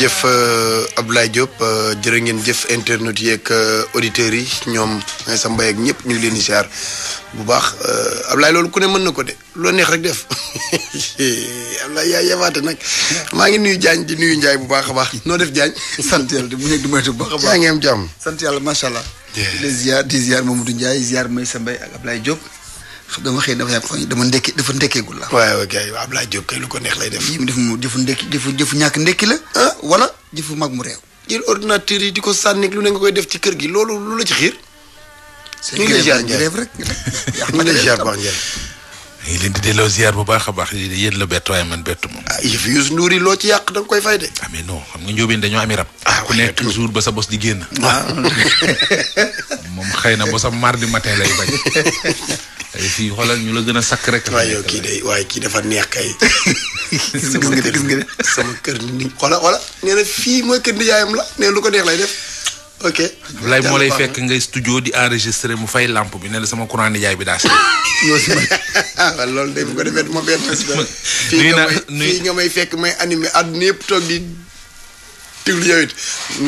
jërëjëf euh, Abdoulaye Diop euh, jërë ngeen jëf internet yi ak euh, auditeurs yi ñoom sa mbay ak ñëpp ñu ngi leen di siyaar bu baax Abdoulaye loolu ku ne mën na ko de loo neex rek def Abdoulaye yaa yebaate nag maa ngi nuyu Diagne di nuyu Ndiaye bu baax a baax. noo def Diagne. bu nekk di moytu bu baax sant yàlla macha allah. di ziar di ziar Mamadou Ndiaye ziar Maysa Mbaye ak Abdoulaye Diop. dama xëy dafa yàgg dama ndekki dafa ndekkeegul la. waaw ok Ablaye Diop kay lu ko neex lay def. yi mu def mu jëfu ndekki jëfu jëfu ñàkk ndekki la. Ah, wala jëfu mag mu réew. jël ordinateur yi di ko sànni lu ne nga koy def ci kër gi loolu lu la ci xiir. ñu ngi lay ziar Ndiaye rek ñu ngi lay ziar baax Ndiaye. ngi leen di delloo ziar bu baax a baax yéen la bett waaye man bett moom. ah yëf Youssou loo ci yàq da koy fay de. ah mais xam nga njóobeen dañoo ami rab. ah ku nekk toujours ba sa bos di génn. Ah. moom xëy na ba sa mardi matin lay bañ. tey fii xoolal a sakk rek. waaye yow kii de waaye kii dafa neex kay. gis nga gis nga sama kër ni xoola xoola nee fii mooy kër nijaayam la nee lu ko neex lay def. ok lay moo lay fekk ngay studio di enregistré mu fay lampe bi ne la sama courant nijaay bi daa si. loolu de bu ko defee du ma benn. fii nga may fekk may animé àdduna yëpp toog déglu yow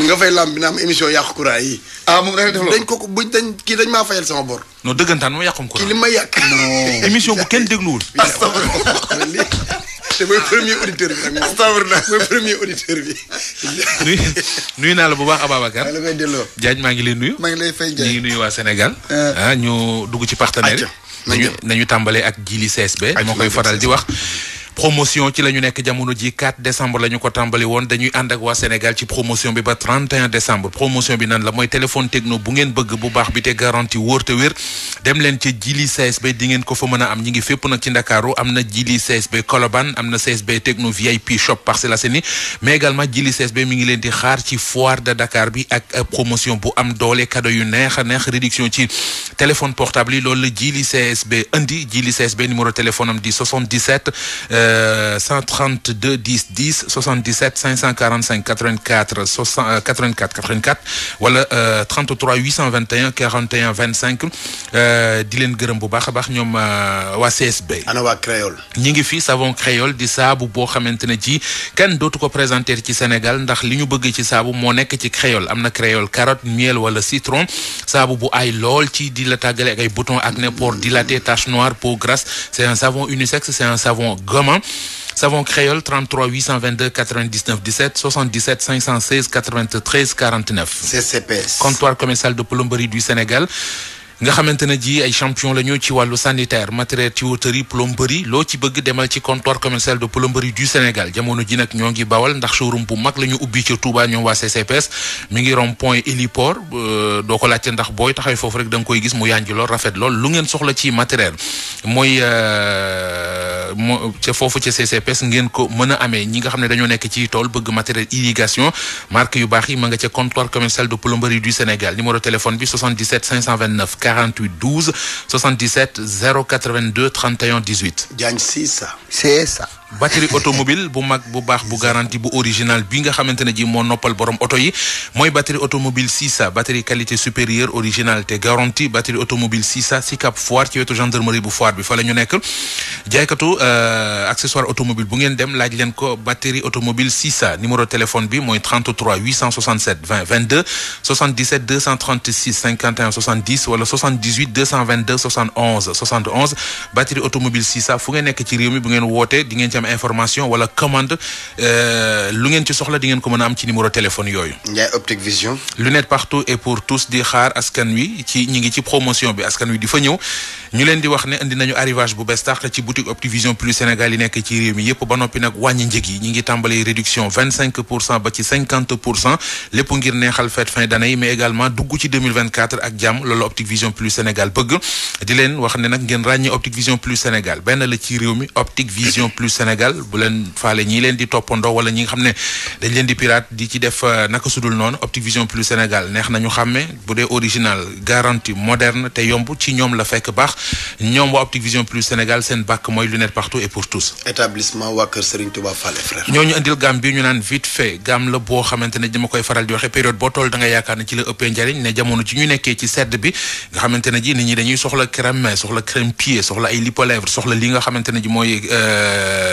nga fay lamb bi na émission yàqu courant yi. ah moom dafay def loolu dañ ko buñ dañ kii dañ maa fayal sama bor. noo dëggantaan moom yàqum courant li ma yàq. émission bu kenn dégluwul. astafurlah te mooy premier naa la bu baax Ababacar. maa la koy delloo. Diagne maa ngi lay nuyu. maa ngi lay fay Diagne ñu ngi nuyu waa Sénégal. ah, ah ñu dugg ci partenaire yi. nañu tàmbalee ak Jili CSB. moo koy faral di wax. promotion ci la ñu nekk jamono ji 4 décembre la ñu ko tàmbali woon dañuy ànd ak waa Sénégal ci promotion bi ba décembre promotion bi nan la mooy téléphone techno bu ngeen bëgg bu baax bi te garantie wóor te wér dem leen ci jili CSB di ngeen ko fa mën a am ñi ngi fépp nag ci Ndakaaru am na jili CSB Colobane am na CSB techno VIP shop Parcelles Assainies mais également jili CSB mi ngi leen di xaar ci foire de Dakar bi ak euh, promotion bu am doole cadeau yu neex a neex réduction ci téléphone portable yi loolu 132 10 10 77 545 84 64 84 84 wala 33 821 41 25 di leen gërëm bu baax a baax ñoom euh, waa CSB. ana waa créole. ñi ngi fi savon créole di saabu boo xamante ne ci kenn dootu ko présenter ci Sénégal ndax li ñu bëgg ci saabu moo nekk ci créole am na créole carotte miel wala citron saabu bu ay lool ci di la tàggale ak ay boutons acné pores dilatés taches noires peau grasse c'est un savon unisexe c'est un savon gommant également savon créole 33 822 99 17 77 516 93 49. CCPS comptoir commercial de plomberie du Sénégal. nga xamante ne ji ay champion la ñu ci wàllu sanitaire matériel tuyauterie plomberie loo ci bëgg demal ci comptoir commercial de plomberie du Sénégal jamono ji nag ñoo ngi bawal ndax showroom bu mag la ñu ubbi ca Touba ñoom waa CCPS mi ngi rond point héliport euh, doo ko laajte ndax booy taxawee foofu rek da nga koy gis mu yànji lool rafet lool lu ngeen soxla ci matériel mooy euh, mo ca foofu ca CCPS ngeen ko mën a amee ñi nga xam ne dañoo nekk ci tool bëgg matériel irrigation marque yu baax yi ma nga ca comptoir commercial 48 12 77 082 31 18. Diagne c'est ça. C'est ça. batterie automobile bu mag bu baax bu garantie bu original bi nga xamante ne ji moo noppal borom oto yi mooy batterie automobile Sisa batterie qualité supérieure original te garantie batterie automobile Sisa si Cap Foire ci wetu gendarmerie bu Foire bi fa la ñu nekk jaaykatu euh, accessoire automobile bu ngeen dem laaj leen ko batterie automobile Sisa numéro téléphone bi mooy 33 867 20 22 77 236 51 70 wala 78 222 71 am information wala commande euh, lu ngeen ci soxla di ngeen ko mën a am ci numéro téléphone yooyu. Ndiaye Optique Vision. lunette partout et pour tous di xaar askan wi ci ñi ngi ci promotion bi askan wi di fa ñëw ñu leen di wax ne indi nañu arrivage bu bees ci boutique Optique Vision plus Sénégal yi nekk ci réew mi yëpp ba noppi nag wàññi njëg yi ñu ngi tàmbalee réduction ba ci lépp ngir neexal fête fin d'année mais également dugg ci ak jàmm loolu Optique Vision Sénégal leen di toppandoo wala ñi xam ne dañ leen di pirate di ci def euh, naka sudul noonu Optique Vision Plus Sénégal neex nañu xàmmee bu dee original garantie moderne te yomb ci ñoom la fekk baax ñoom waa Optique Vision Plus Sénégal seen bàkk mooy lunette partout et pour tous. établissement waa Kër Serigne Touba Fallé frère. ñooñu indil gamme bi ñu naan vite fait gamme la boo xamante ne dama koy faral di waxe période boo toll da nga yaakaar ne ci la ëppee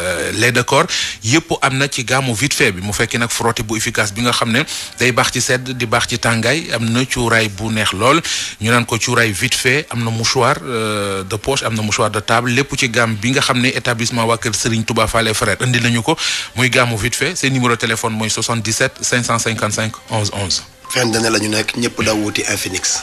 Euh, lait de corps yëpp am na ci gaamu vite fait bi mu fekki nag frotté bu efficace bi nga xam ne day baax ci sedd di baax ci tàngaay am na cuuraay bu neex lool ñu naan ko cuuraay vite fait am na mouchoir euh, de poche am na mouchoir de table lépp ci gaam bi nga xam ne établissement waa kër Serigne Touba Fallé Frère indi nañu ko muy gaamu vite fait seen numéro téléphone mooy 77 555 11 11. fin d'année la ñu nekk ñëpp daw wuti Infinix.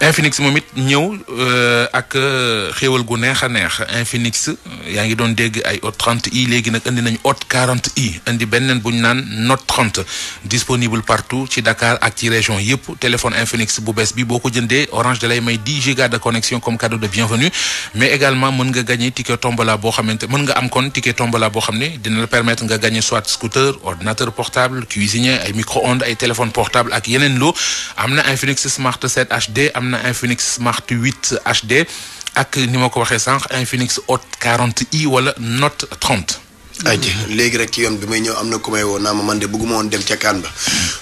Infinix moom it ñëw euh, ak euh, xéewal gu neex a neex Infinix yaa ngi doon dégg ay Hot 30i léegi nag indi nañu Hot 40i indi beneen bu ñu naan Note 30 disponible partout ci Dakar ak ci région yëpp téléphone Infinix bu bees bi boo ko jëndee Orange da lay may 10 giga de connexion comme cadeau de bienvenue mais également mën nga gagné ticket tombola boo mën nga am kon ticket tombola boo xam ne dina la permettre nga gagné soit scooter ordinateur portable cuisinier ay micro-ondes ay téléphone portable ak yeneen loo am am na Infinix Smart 8 HD ak ni ma ko waxee sànq Infinix Hot 40i wala Note 30 ayca léegi rek ci yoon bi may ñëw am na ku may naa ma man de bëgguma woon dem ca Kaan ba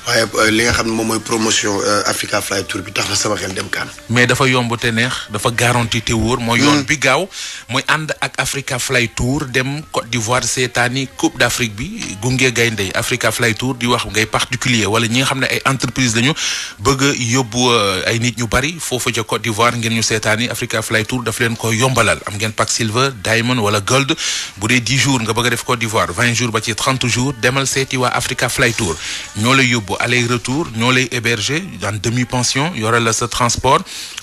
waaye euh, li nga xam ne moom mooy promotion euh, Africa Fly Tour bi tax na sama xel dem Kaan. mais dafa yomb te neex dafa garanti te wóor. mooy yoon hmm. bi gaaw mooy ànd ak Africa Fly Tour dem Côte d'Ivoire seetaani Coupe d'Afrique bi gunge gaynde yi Africa Fly Tour di wax ngay particulier wala ñi nga xam ne ay entreprise lañu bëgg a yóbbu euh, ay nit ñu bari foofu ca Côte d'Ivoire ngeen ñu seetaani Africa Fly Tour daf leen ko yombalal am ngeen pack silver diamond wala gold jours nga bëgg def Côte d'Ivoire 20 jours ba ci 30 jours demal seeti waa Africa Fly Tour ñoo lay yóbbu aller retour ñoo lay héberger en demi pension yore la sa transport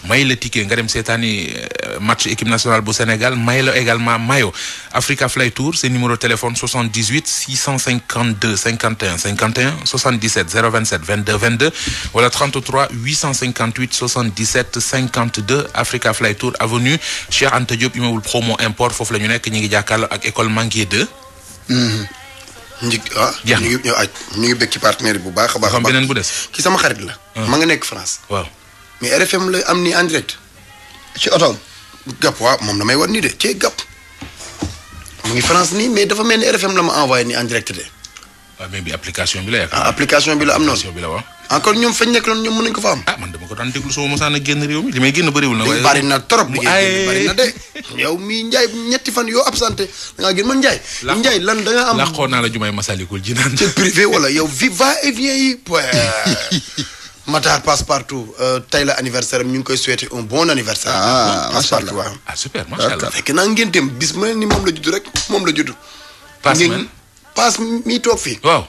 may la ticket nga dem seetaani euh, match équipe nationale bu Sénégal may la également mayo Africa Fly Tour c'est numéro téléphone 78 652 51 51 77 027 22 22 wala 33 858 77 52 Africa Fly Tour avenue Cheikh Anta Diop immeuble promo import foofu la ñu nekk ñu ngi jàkkaarloo ak école Manguier 2 Mm-hmm. njig ah. jeex ñu ngi ñu ngi bëgg ci partenaire bu baax a baax. xam beneen bu des. ki sama xarit la. Ah. ma nga nekk France. waaw mais RFM la am ni en direct. ci otoom. Gap waaw moom na may war nii de cee Gap. mu ngi France nii mais dafa mel ni RFM la ma envoyé ni en direct de. waaw mais bi application bi la yaakaar. Ah, application bi la am noonu application bi la waaw. encore ñoom fañ nekk noonu ñoom mën nañu ko fa am. ah man dama na. waaye de. yow mii Ndiaye ñetti fan yoo absenté da ngaa gën Ndiaye. Ndiaye lan da am laqoon naa la jumay Masalikul Jinaan. ci privé wala yow vi va et vient yi. Matar passe euh, tey la anniversaire ñu ngi koy souhaiter un bon anniversaire. ah, ah macha allah passe partout waaw. ah ni moom la judd rek moom la judd. passe paas mi toog fii. waaw.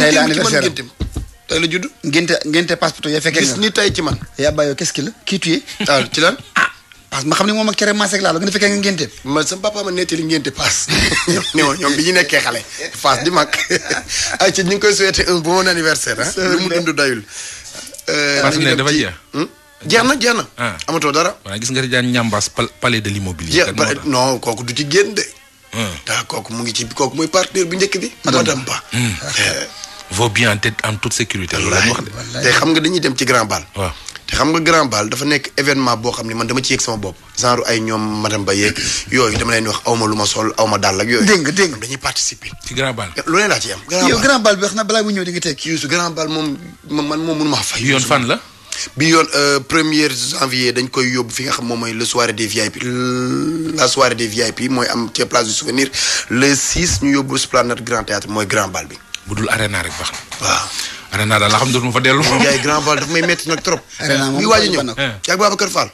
tey la anniversaire comme tey tey la judd. ngénte ngénte paas poto yaa ni tey ci man. yaa bàyyoo kes ce qu'il la kii tuye. waaw ah, ci lan. Ah, paas ma xam ne moom ak cere maase ak laalo gën a fekkee nga ngénte. man sama papa ma nettali ngénte paas. ñoom ñoom bi ñu nekkee xale. paas di mag. ay ci ngi koy souhaité un bon anniversaire ah. lu mu dund dayul. Euh, paas ne dafa jeex. Hmm? jeex na jeex na. Ah. amatoo dara. waaw gis nga daan ñambaas palais de l'immobilier. non kooku du ci génn de. daa hmm. ah, kooku mu ngi ci kooku mooy partenaire bi njëkk bi. Hmm. madame Ba hmm. eh. vaut bien en tête en toute sécurité. wallaahi te xam nga dañuy dem ci grand bal. waaw te xam nga grand bal dafa nekk événement boo xam ne man dama ci yëg sama bopp. genre ay ñoom madame Ba yeeg yooyu dama leen wax awma lu ma sol awma dàll ak yooyu. dégg dégg dañuy participer. ci grand bal lu ne laa ci am. grand bal yow grand bal bi wax na balaa muy ñëw di nga teg. Youssou grand bal moom man moom fan la. bi yoon euh, premier janvier dañ koy yóbbu fi nga xam moom mooy le soirée de VIP la soirée des VIP mooy am ci place du souvenir le 6 ñu yóbbu Esplanade Grand Théâtre mooy grand bal bi. bu dul arena rek baax na. waaw arena daal la xam dootuma fa dellu. Ndiaye grand bal daf may métti nag trop. arena moom waaj a ñëw eh. ak Babacar Fall.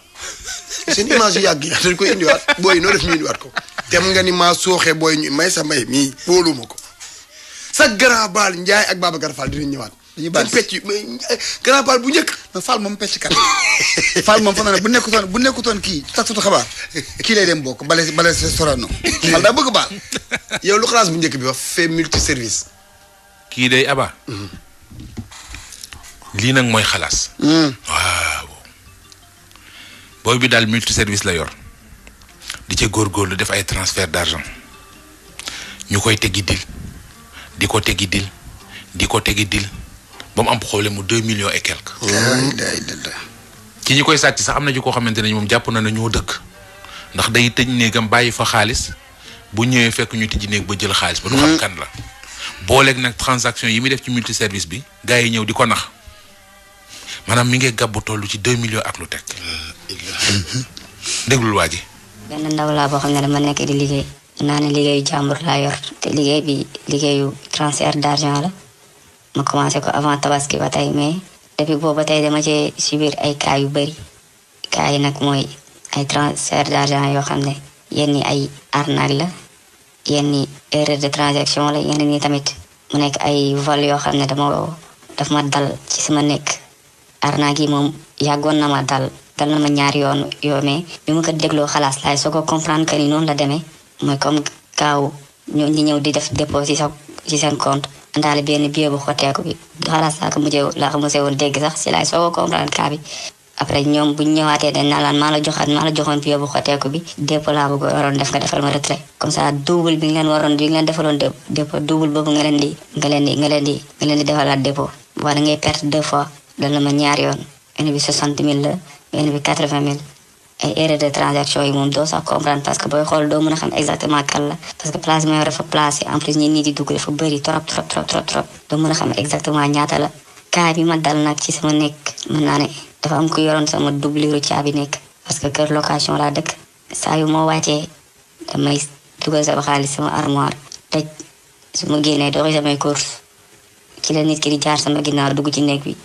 seen image yi yàgg yi dañ koy indiwaat booy yi noo def ñu indiwaat ko. dem nga ni maa sooxe booy ñu may sa may mii wóoluma ko sa grand bal Ndiaye ak Babacar Fall dinañ ñëwaat. ñu baal pecc eh, grand bu njëkk. mais Fall moom pecc kat Fall moom fa na bu nekkutoon bu nekkutoon kii takkatu xabaar kii lay dem bokk bale bale sa sorano Fall daa bëgg baal. yow lu classe bu njëkk bi wax fait multi service. kii day Aba. lii nag mooy xalaas. Hmm. waaw. booy bi daal multi service la yor. di góor góor lu def ay transfert d'argent ñu koy teggi ko teggi dil di ko teggi dil ba mu am problème mu deux millions et quelques. ci ñi koy sàcc sax am na ci koo xamante ne moom jàpp na ne ñoo dëkk ndax day tëj néegam bàyyi fa xaalis bu ñëwee fekk ñu tijji néeg ba jël xaalis. ba du xam hmm. kan la. booleeg nag transaction yi muy def ci multi service bi. gars yi ñëw di ko nax maanaam mi ngi gàbbu tollu ci deux millions ak lu teg. déglul waa benn ndaw laa boo xam ne dama nekk di liggéey. naa ne liggéeyu jàmbur laa yor te liggéeyu transfert d'argent ma commencé ko avant tabaski ba tey mais depuis boobu ba tey dama si biir ay cas yu bëri cas nag mooy ay transfert d'argent yoo xam ne yenn yi ay arnaque la yenn yi erreur de transaction la yenn ni tamit mu nekk ay vol yoo xam ne dama daf ma dal ci sama nekk arnaque yi moom yàggoon na ma dal dal na ma ñaari yoon yoo mais bi ma ko dégloo xalaas laay soo ko comprendre que ni noonu la demee mooy comme kaaw ñu ñi ñëw di def dépôt ci ci seen compte andaale benn billet bu xoteeku bi xalaat sax mujjee laa xam woon dégg sax si laay soo ko comprendre après ñoom bu ñu ñëwaatee dañ naan laan maa la joxaat maa la joxoon billet bu xoteeku bi dépôt laa bëgg waroon def nga defal ma retrait comme ça double bi nga leen waroon bi nga leen defaloon dépôt double boobu nga leen perte deux fois la ma ñaar yoon benn bi soixante mille la benn bi quatre-vingt mille ay erreur de transaction yi moom doo sax comprendre parce que booy xool doo mën a xam exactement kan la parce que place bi dafa placé en plus dugg dafa bëri a xam exactement la cas ma dal nag ci sama nekk mën naa ne dafa am ku yoroon sama doublure caabi nekk parce que kër location laa dëkk saa yu moo wàccee damay sama xaalis sama armoire su ma génnee doxi samay course ci la nit ki di jaar sama ginnaaw dugg ci nekk bi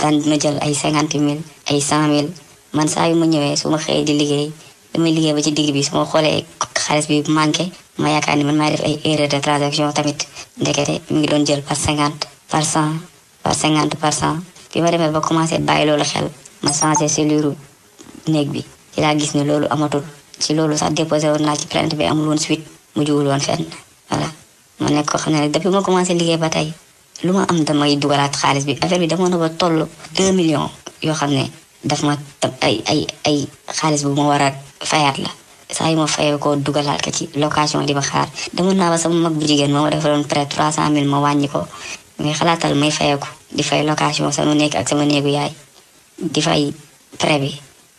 daan na jël ay cinquante mille ay cent mille man saa yu ma ñëwee su ma xëyee di liggéey damay liggéey ba ci digg bi su ma xoolee xaalis bi manqué ma yaakaar ni man maay def ay erreur de transaction tamit ndekete mi ngi doon jël par cinquante par cent par cinquante par cent bi ma demee ba commencé bàyyi loolu xel ma changé cellule néeg bi ci laa gis ne loolu amatul ci loolu sax déposé woon naa ci plainte bi amul woon suite mu jiwul woon fenn voilà ma nekk ko xam ne nag depuis ma commencé liggéey ba tey lu ma am damay dugalaat xaalis bi affaire bi demoon na ba toll deux millions yoo xam ne daf ma ay ay ay xaalis bu ma war a fayaat la saa yu ma fayee koo dugalaat ko ci location di ma xaar demoon naa ba sama mag bu jigéen moom dafa doon près trois cent ma wàññi ko xalaatal may fayeeku di fay location sama néeg ak sama néegu yaay di fay près bi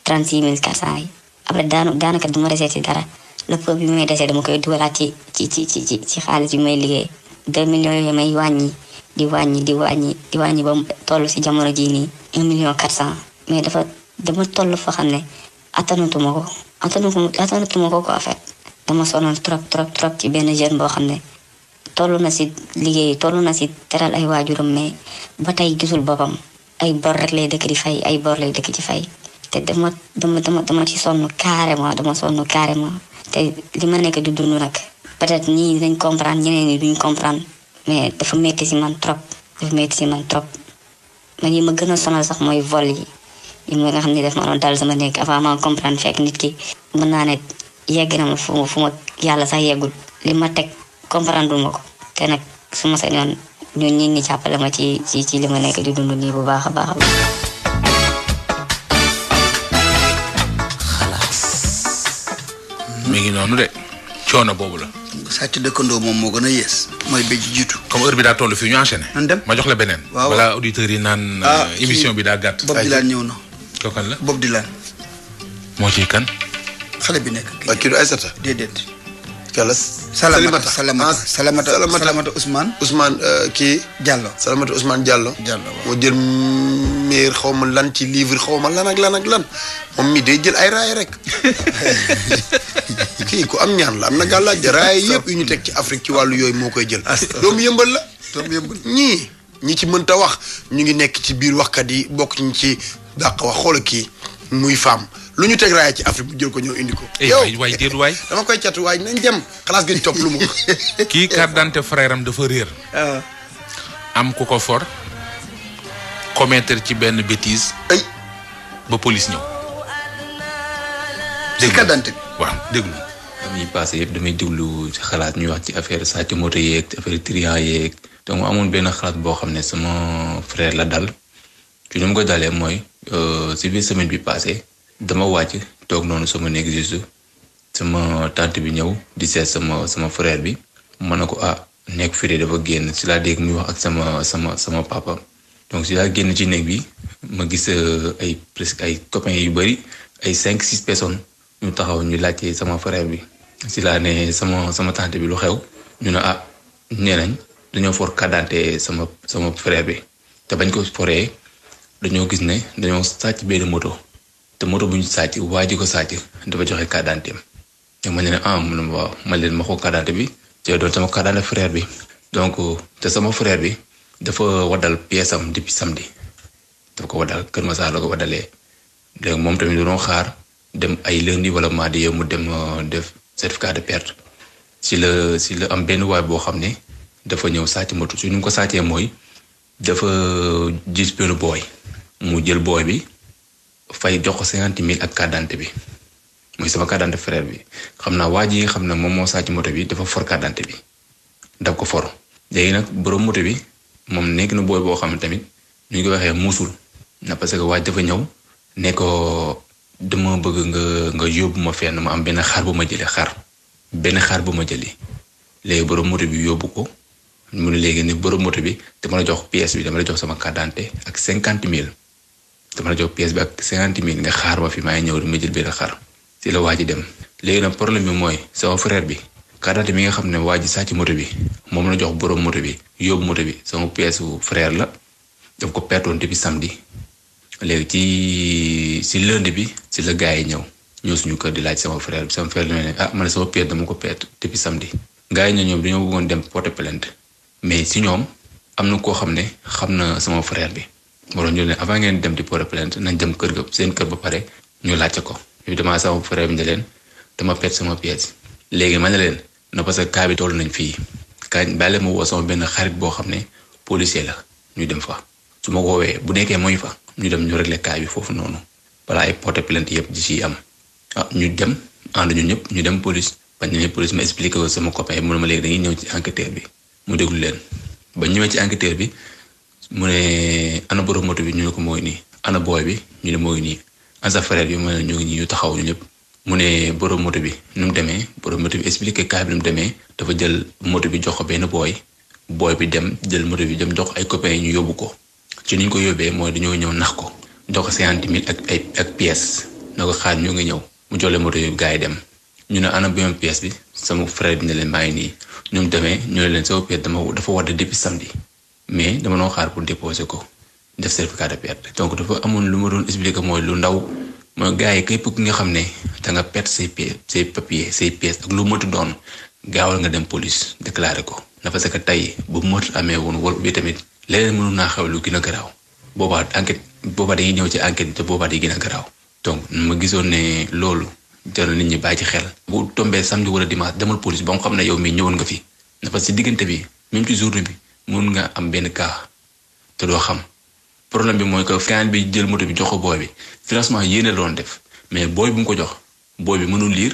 trente six mille quatre cent yi après daanu daanaka du ma deseeti dara lépp bi may desee dama koy dugalaat ci ci ci ci ci xaalis bi may liggéey deux millions yooyu may wàññi di wàññi di wàññi di wàññi ba toll si jamono jii nii un million quatre cent mais dafa dama toll foo xam ne attanatuma ko attanatuma ko ko en fait dama sonal trop trop trop ci benn jeune boo xam ne toll na si liggéey toll na si teral ay waajuram mais ba tey gisul boppam ay bor rek lay dëkk di fay ay bor lay dëkk di fay te dama dama dama dama ci sonn carrément dama sonn carrément te li ma nekk di dund nag peut-être ñii dañ comprendre ñeneen ñi duñ comprendre mais dafa métti si man trop dafa métti si man trop man yi ma gën a sonal sax mooy vol yi ñun ba nga xam ne def ma doon dal sama néeg avant maa comprendre fekk nit ki mën naa ne yegg na ma fu ma yàlla sax yeggul li ma teg comprendre ma te nag su ma sañoon ñun ñi ci ci ci li ma nekk di dund nii bu baax baax baax mi ngi noonu de coono boobu la. sàcc dëkkandoo moo gën a mooy béy ji jiitu. comme heure bi daa toll fi ñu enchaîné. nan dem ma jox la beneen. waaw balaa yi naan. Ah, euh, émission bi daa gàtt. bopp bi laa ñëw na. kookan la Bob moo ciy kan. xale bi nekk kii. waaw ah, kii du Aysata. déedéet. kala Salamata ah, Salamata Salamata Salamata Ousmane. Ousmane euh, kii. jàll Salamata Ousmane Diallo. Diallo moo jël meer xaw ma lan ci livre xaw ma lan ak lan ak lan moom mii day jël ay raay rek kii ku am ñaan la am na gàllaaj raay yëpp yu ñu teg ci Afrique ci wàllu yooyu moo koy jël. doomu yëmbal la. ñii. ñi ci mënta wax ñu ngi nekk ci biir waxkat yi bokk ñu ci dàq wax xoola kii muy femme lu ñu teg ci Afrique bu jël ko ñëw indi ko. Eh, yow waay déet dama koy catu waay nañ dem xalaas gi kii carte d'identité dafa réer. Ah. am ku ko for. commettre ci benn bêtise. ba police ñëw. dégg nga carte d'identité bi. waaw damay déglu xalaat ñuy wax ci affaire sàcc moto yeeg affaire triant yeeg. te mu amoon benn xalaat boo xam ne sama frère la dal ci nu mu ko dalee mooy si euh, biir semaine bi passé dama wàcc toog noonu sama néeg sama tant bi ñëw di seet sama sama frère bi ma ne ko ah nekk fii dafa génn si laa dégg muy wax ak sama sama sama papa donc si laa génn ci néeg bi ma gis euh, ay presque ay copains yu bëri ay cinq six personnes ñu taxaw ñu laajte sama frère bi si laa ne sama sama tante bi lu xew ñu ne ah nee nañ dañoo for kàddante sama sama frère bi te bañ ko foree dañoo gis ne dañoo sàcc benn moto te moto bu ñu sàcc waa ji ko sàcc dafa joxe kàddanteem te ma ne ah, ne ah ma leen ma ko kàddante bi te doon sama kàddante bi donc te sama frère bi dafa waddal pièce depuis samedi dafa ko waddal Kër Masar la ko waddalee léegi moom tamit doon xaar dem ay lundi wala mardi yow mu dem euh, def certificat de perte si la si la am benn waay boo xam ne. dafa ñëw sàcc moto si ni mu ko sàccee mooy dafa gis benn booy mu jël booy bi fay jox ko cinquante mille ak carte bi mooy sama carte d'identité bi xam naa waa ji nga xam ne moom moo sàcc moto bi dafa for kàddante bi daf ko for. léegi nag borom moto bi moom nekk na booy boo xam ne tamit ñu koy waxee muusul na parce que waa ji dafa ñëw ne ko dama bëgg nga nga yóbbu ma fenn ma am benn xar bu ma jëlee xar benn xar bu ma jëlee léegi borom moto bi yóbbu ko. mu ne léegi ne borom moto bi dama la jox pièce bi dama la jox sama carte ak cinquante mille dama la jox pièce bi ak mille nga xaar ma fi maa ñëw ma jël benn xar si la waa ji dem. léegi nag problème bi mooy sama frère bi carte bi nga xam ne waa ji sàcc moto bi moom la jox borom moto bi yóbbu moto bi sama pièce bu frère la daf ko pertoon depuis samedi léegi ci si lundi bi si la gars yi ñëw. ñëw suñu kër di laaj sama frère bi sama frère bi ne ah man sama pièce dama ko perte depuis samedi. gars yi ñoom dañoo dem porter plainte mais si ñoom am na koo xam ne xam na sama frère bi. waroon ñu ne avant ngeen dem di porter plainte nañ dem kër ga seen kër ba pare ñu laajte ko. évidemment sama frère bi ne leen dama pet sama pièce. léegi ma ne leen na parce que cas bi toll nañ fii kañ bàyyi ma woo sama benn xarit boo xam ne policier la ñu dem fa. su ma ko woowee bu nekkee mooy fa ñu dem ñu régler cas bi foofu noonu balaa ay porter plainte yëpp di ciy am. ah ñu dem ànd ñu ñëpp ñu dem police bañ nañu police ma expliqué ko sama copain bi mu ne ma léegi dañuy ñëw ci enquêteur bi. mu déglu leen ba ñëwee ci enquêteur bi mu ne ana borom moto bi ñu ko mooy nii ana booy bi ñu ne mooy nii ana sa frère bi mu ne ñu ngi nii ñu taxaw ñu ñëpp mu ne borom moto bi nu mu demee borom moto bi expliqué cas nu mu demee dafa jël moto bi jox ko benn booy booy bi dem jël moto bi dem jox ay copains ñu yóbbu ko ci niñ ko yóbbee mooy dañoo ñëw nax ko jox ko cinquante ak ay na ko xaar ñoo ngi ñëw mu jolle moto yooyu gars yi dem ñu ne ana bi pièce bi. sama frère bi ne leen bàyyi nii ñoom demee ñoo leen sama perte dama dafa war depuis samedi mais dama noo xaar pour déposé ko def certificat de perte. donc dafa amoon lu ma doon expliquer mooy lu ndaw mooy gars yi képp ki nga xam ne da nga perte say pièces say papiers ak lu mënti doon gaawal nga dem police déclarer ko. na parce que tey bu mot amee woon wala bi tamit leneen mënul naa xew lu gën a garaaw boobaa enquête boobaa dañuy ñëw ci enquête te boobaa day gën a garaaw. donc ma gisoon ne loolu. jar nit ñi bàyyi xel. bu tombee samedi wala dimanche demal police ba xam ne yow mii ñëwoon nga fi na parce que diggante bi même ci journée bi mun nga am benn cas te doo xam problème bi mooy que kaan bi jël moto bi jox ko booy bi financement yéene la doon def mais booy bu mu ko jox booy bi mënul liir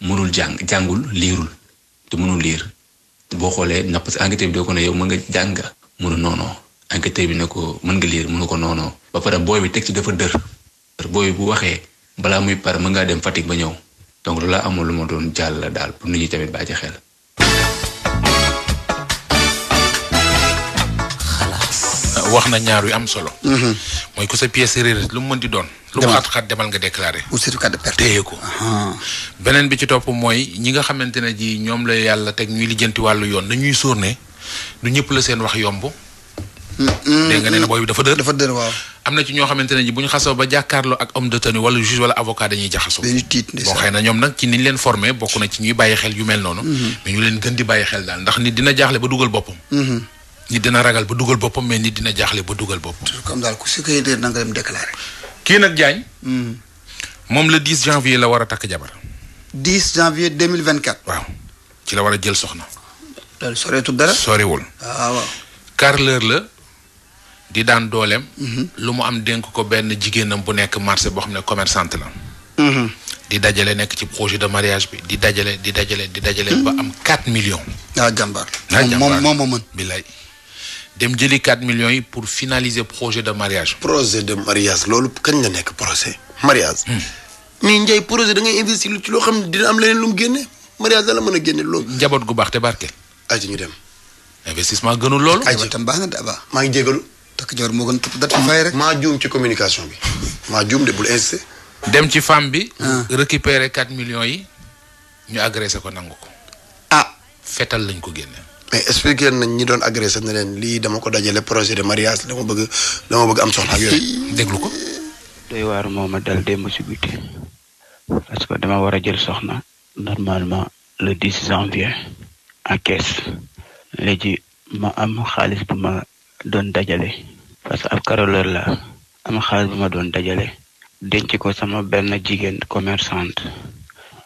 mënul jàng jàngul liirul te mënul liir boo xoolee na parce que enquêteur bi doo ko ne yow mën nga jàng mënu noonoo enquêteur bi ne ko mën nga liir mënu ko noonoo ba pare booy bi teg ci dafa dër booy bi bu waxee. balaa muy par mën ngaa dem Fatick ba ñëw donc loolu laa amul lu ma doon jàll daal pour nit ñi tamit bàyyi ci xel. Euh, wax na ñaar yu am solo. Mhm. mooy ko sa pièce réer lu mu mën di doon. lu mu xat-xat demal nga déclaré. ou certificat ko. beneen bi ci topp mooy ñi nga xamante ne ji ñoom la yàlla teg ñuy lijjanti wàllu yoon dañuy sóor ne du ñëpp la seen wax yomb. dégg nga nee na booy bi dafa dër. dafa dër waaw. am na ci ñoo xamante ne ji bu ñu xasoo ba jàkkaarloo ak homme de tenue wala juge wala avocat dañuy jaxasoo. dañuy tiit na ñoom nag ci niñ leen formé bokk na ci ñuy bàyyi xel yu mel noonu. Mm-hmm. mais ñu leen gën di bàyyi xel daal ndax nit dina jaaxle ba dugal boppam. Mm-hmm. nit dina ragal ba dugal boppam mais nit dina jaaxle ba dugal boppam. toujours comme daal kii nag Diagne. Mm-hmm. moom le 10 janvier la war a takk jabar. 10 janvier 2024. waaw ci la war a jël soxna. loolu soreetul dara. soriwul. Ah, waaw waaw. quart la di daan dooleem. Mhm. lu mu am dénk ko benn jigéenam bu nekk marché boo xam ne commerçante la. Mhm. di dajale nekk ci projet de mariage bi di dajale di dajale di dajale. ba mhm. am 4 millions. ah jàmbaar. ah jàmbaar moom moom bilaay dem jëli 4 millions yi pour finaliser projet de mariage. projet de mariage loolu kañ la nekk projet mariage. nii hmm. Ndiaye projet da ngay investir ci loo xam ne dina am leneen lu mu génne mariage la mën gu baax te barke. aji ñu dem. investissement gënul loolu. aji tam baax maa ngi jégalu. takk joor moo gën dat fi fay rek. juum ci communication bi maa juum de bul insisté. dem ci femme bi. Ah. récupérer 4 millions yi ñu agressé ko nangu ko. ah fetal lañ ko génne. mais expliqué nañ ñi doon agressé ne leen lii dama ko dajale projet de mariage dama bëgg dama bëgg am soxna ak yooyu. déglu ko. doy waar moo ma dal démb si guddi parce que dama war a jël soxna normalement le 10 janvier à Kees léegi ma am xaalis bu ma. doon dajale parce que ab caroleur la am xaalis bu ma doon dajale denc ko sama benn jigéen commerçante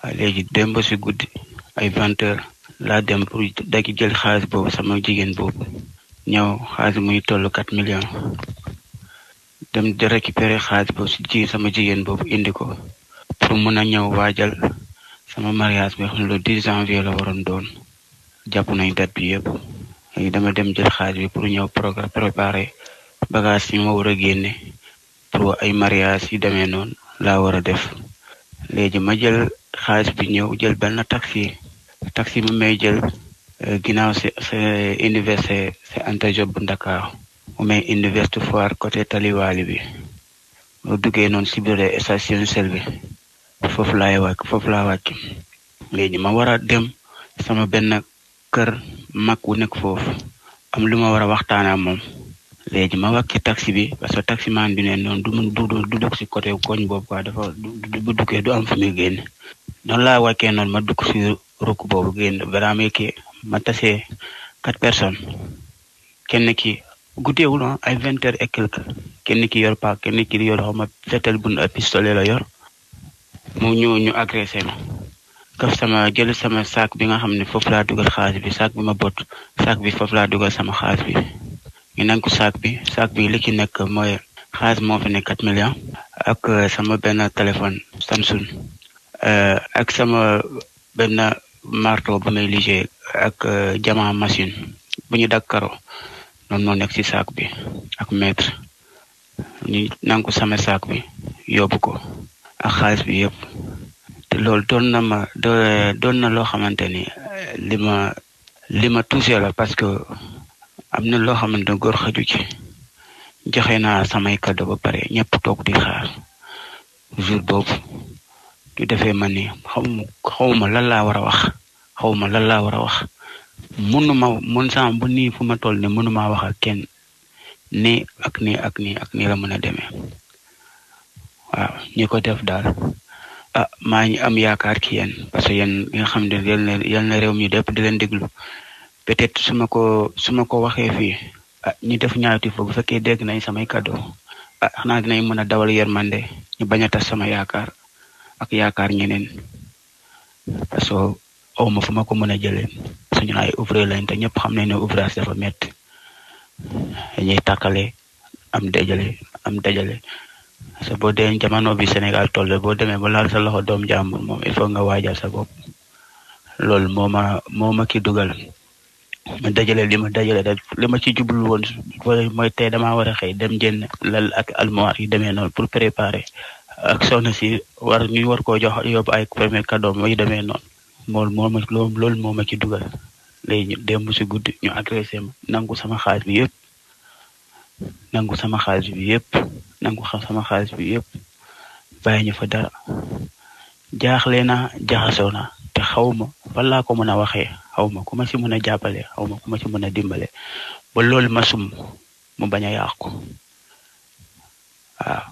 waaye léegi démb si guddi ay vingt heures laa dem pour dagi jël xaalis boobu sama jigéen boobu ñëw xaalis muy toll quatre millions dem di récupérer xaalis boobu si ji sama jigéen boobu indi ko pour mun a ñëw waajal sama mariage bi xam ne le 10 janvier la waroon doon jàpp nañ date bi yëpp léegi dama dem jël xaalis bi pour ñëw programme préparer bagage yi ma war a génne pour ay mariage yi demee noonu laa war a def léegi ma jël xaalis bi ñëw jël benn taxi taxi mu may jël euh, ginnaaw si sa université si Anta Diop bu Ndakaaru mu may université foire côté taliwaali bi mu duggee noonu si biir station sel bi foofu laay wàcc foofu laa ma war dem sama benn kër mag wu nekk foofu am lu ma war a waxtaan ak moom léegi ma wàcce taxi bi parce que taxi man bi ne noonu du mun du si côté koñ boobu quoi dafa bu dukkee du am fu muy génn noonu laa wàccee noonu ma dukk si rukk boobu génn balaa may ma tasee quatre personne kenn ki guddeewul ah, ay vingt heures et quelque kenn ki yor pa kenn ki yor xaw ma fetel bu la yor mu ñëw ñu agressé kaf sama jël sama saak bi nga xam ne foofu laa dugal xaalis bi saak bi ma bot saak bi foofu laa dugal sama xaalis bi ñu nangu saak bi saak bi li ci nekk mooy xaalis moo fi ne 4 millions ak euh, sama benn téléphone Samsung euh, ak sama benn marto bu may liggéey ak jama euh, machine bu ñu dakkaro noonu moo nekk ci saak bi ak mètre ñu nangu sama saak bi yóbbu ko ak xaalis bi yëpp loolu doon na ma doon na loo xamante ni li ma li ma touché la parce que am na loo xamante ne góor xaju ci joxe naa samay cadeau pare ñëpp toog di xaar jour boobu ñu defee ma ni xawma xawma lan laa war a wax xawma lan laa war a wax mënuma mën sama bu nii fu ma toll ni mënuma wax ak kenn nii ak nii ak nii ak nii la mën a demee waaw ñi ko def daal a ah, maa ngi am yaakaar ci yéen parce que yéen li nga xam ne yal na réew mi dépp di leen déglu peut-être su ma ko su ma ko waxee fii ah ñi def ñaawti fa bu fekkee dégg nañ samay kàddu ah xanaa dinañ mën a dawal yërmande ñu bañ a tas sama yaakaar ak yaakaar ñeneen parce que aw ma fu ma ko mën a jëlee suñu ay ouvrier lañ te ñëpp xam nañ ne ouvrage dafa métti dañuy tàkkale am dajale am dajale parce que boo dee jamono bi Sénégal toll boo deme ba laal sa loxo doom jàmbur moom il faut nga waajal sa bopp loolu moo ma moo ma ki dugal ma dajale li ma dajale li ma ci jublu woon mooy tey damaa war a xëy dem jënd lal ak almoir yi demee noonu pour préparer ak soxna si war ñu war koo jox yóbbu ay premier cadeau yu demee noon moom moo ma loolu moo ma ci dugal léegi ñu si guddi ñu agressé nangu sama xaalis bi yëpp nangu sama xaalis bi yëpp. nangu xam sama xaalis bi yëpp bàyyi ñu fa dara jaaxle naa jaxasoo naa te xaw ma fan laa ko mën a waxee xaw ma ku ma si mën a jàppale xaw ma ku ma si mën a dimbale ba loolu ma sum mu bañ a yàqu waaw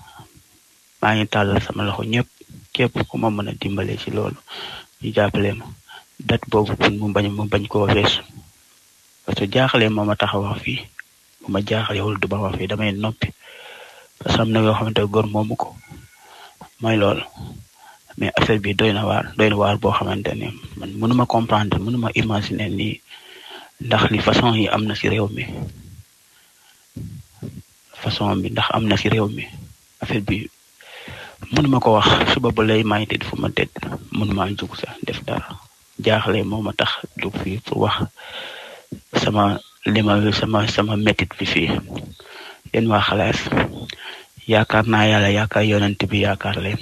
maa ngi tàllal sama loxo ñëpp képp ku ma mën a dimbale si loolu ñu jàppale ma dat boobu pour mu bañ ko bañ parce que jaaxle moo ma tax wax fii bu ma jaaxlewul du ma wax fii damay noppi parce que am na yoo xamante ne góor moomu ko mooy loolu mais affaire bi doy na waar doy na waar boo xamante ni man mënuma comprendre mënuma imaginer nii ndax li façon yi am na si réew mi façon bi ndax am na si réew mi affaire bi mënuma ko wax suba ba lay may tëdd fu ma tëdd mënuma jug sax def dara jaaxle moo ma tax jug fii pour wax sama li ma sama sama métit bi fii yéen waa xalaas yaakaar naa yàlla yaakaar yonent bi yaakaar leen.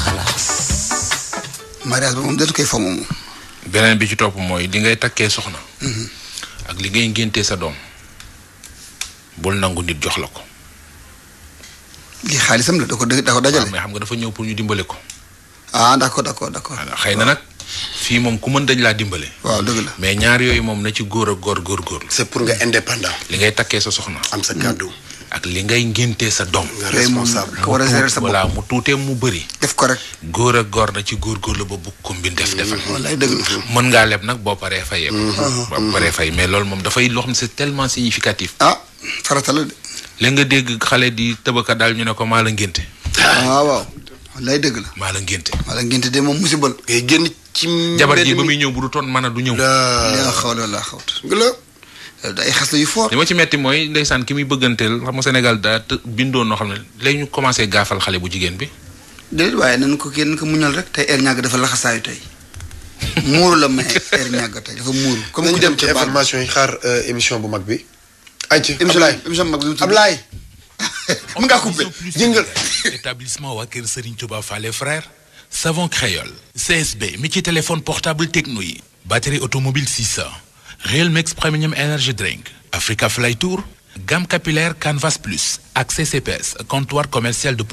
xalaas. mariage ba moom dootu koy fa beneen bi ci topp mooy li ngay takkee soxna. Mhm. ak li ngay ngéntee sa doom. bul nangu nit jox la ko. li xaalisam la da ko da ko dajale. mais xam nga dafa ñëw pour ñu dimbale ko. ah d' accord d' accord xëy na nag fii moom ku mën dañ laa dimbale. waaw dëgg la mais ñaar yooyu moom na ci góor ak góor góor góor. c'est pour nga indépendant. li ngay takkee sa soxna. am sa kàddu. Mm. ak li ngay ngéntee sa doom. nga responsable ko a gérer sa bopp voilà mu tuutee mu bëri. def ko rek. góor a góor na ci góorgóorlu ba bu combine def defal. Mm-hmm. wallaay dëgg la. Mm-hmm. mën ngaa leb nag boo paree fayee. Mm-hmm. boo mais loolu moom dafay loo xam ne c'est significatif. ah farata la de. léegi nga dégg xale di tëbaka daal ñu ne ko maa la ngénte. waaw ah, waaw. wallaay dëgg la. maa la ngénte. de moom musibal. ngay génn ci jabar ji ba muy ñëw bu du toon mën a du ñëw. laa xawla laa xawt la ay xas la yu fort. li ma ci metti mooy ndeysaan ki muy bëgganteel xam nga Sénégal daa bindoon noo xam ne léegi ñu commencé gaafal xale bu jigéen bi. déedéet waaye nañ ko kenn ko muñal rek tey air ñàgg dafa laxasaayu tey. dafa muuru. comme nañu dem ci information yi xaar euh, émission bu mag bi. ayca Ablaye émission bu mag bi Ablaye. mën ngaa coupé waa Kër Serigne Touba Fallé frère savon créole CSB mi ci téléphone portable techno yi batterie automobile 600 Real Mix Premium Energy Drink Africa Fly Tour gamme capillaire Canvas Plus accès CPS comptoir commercial de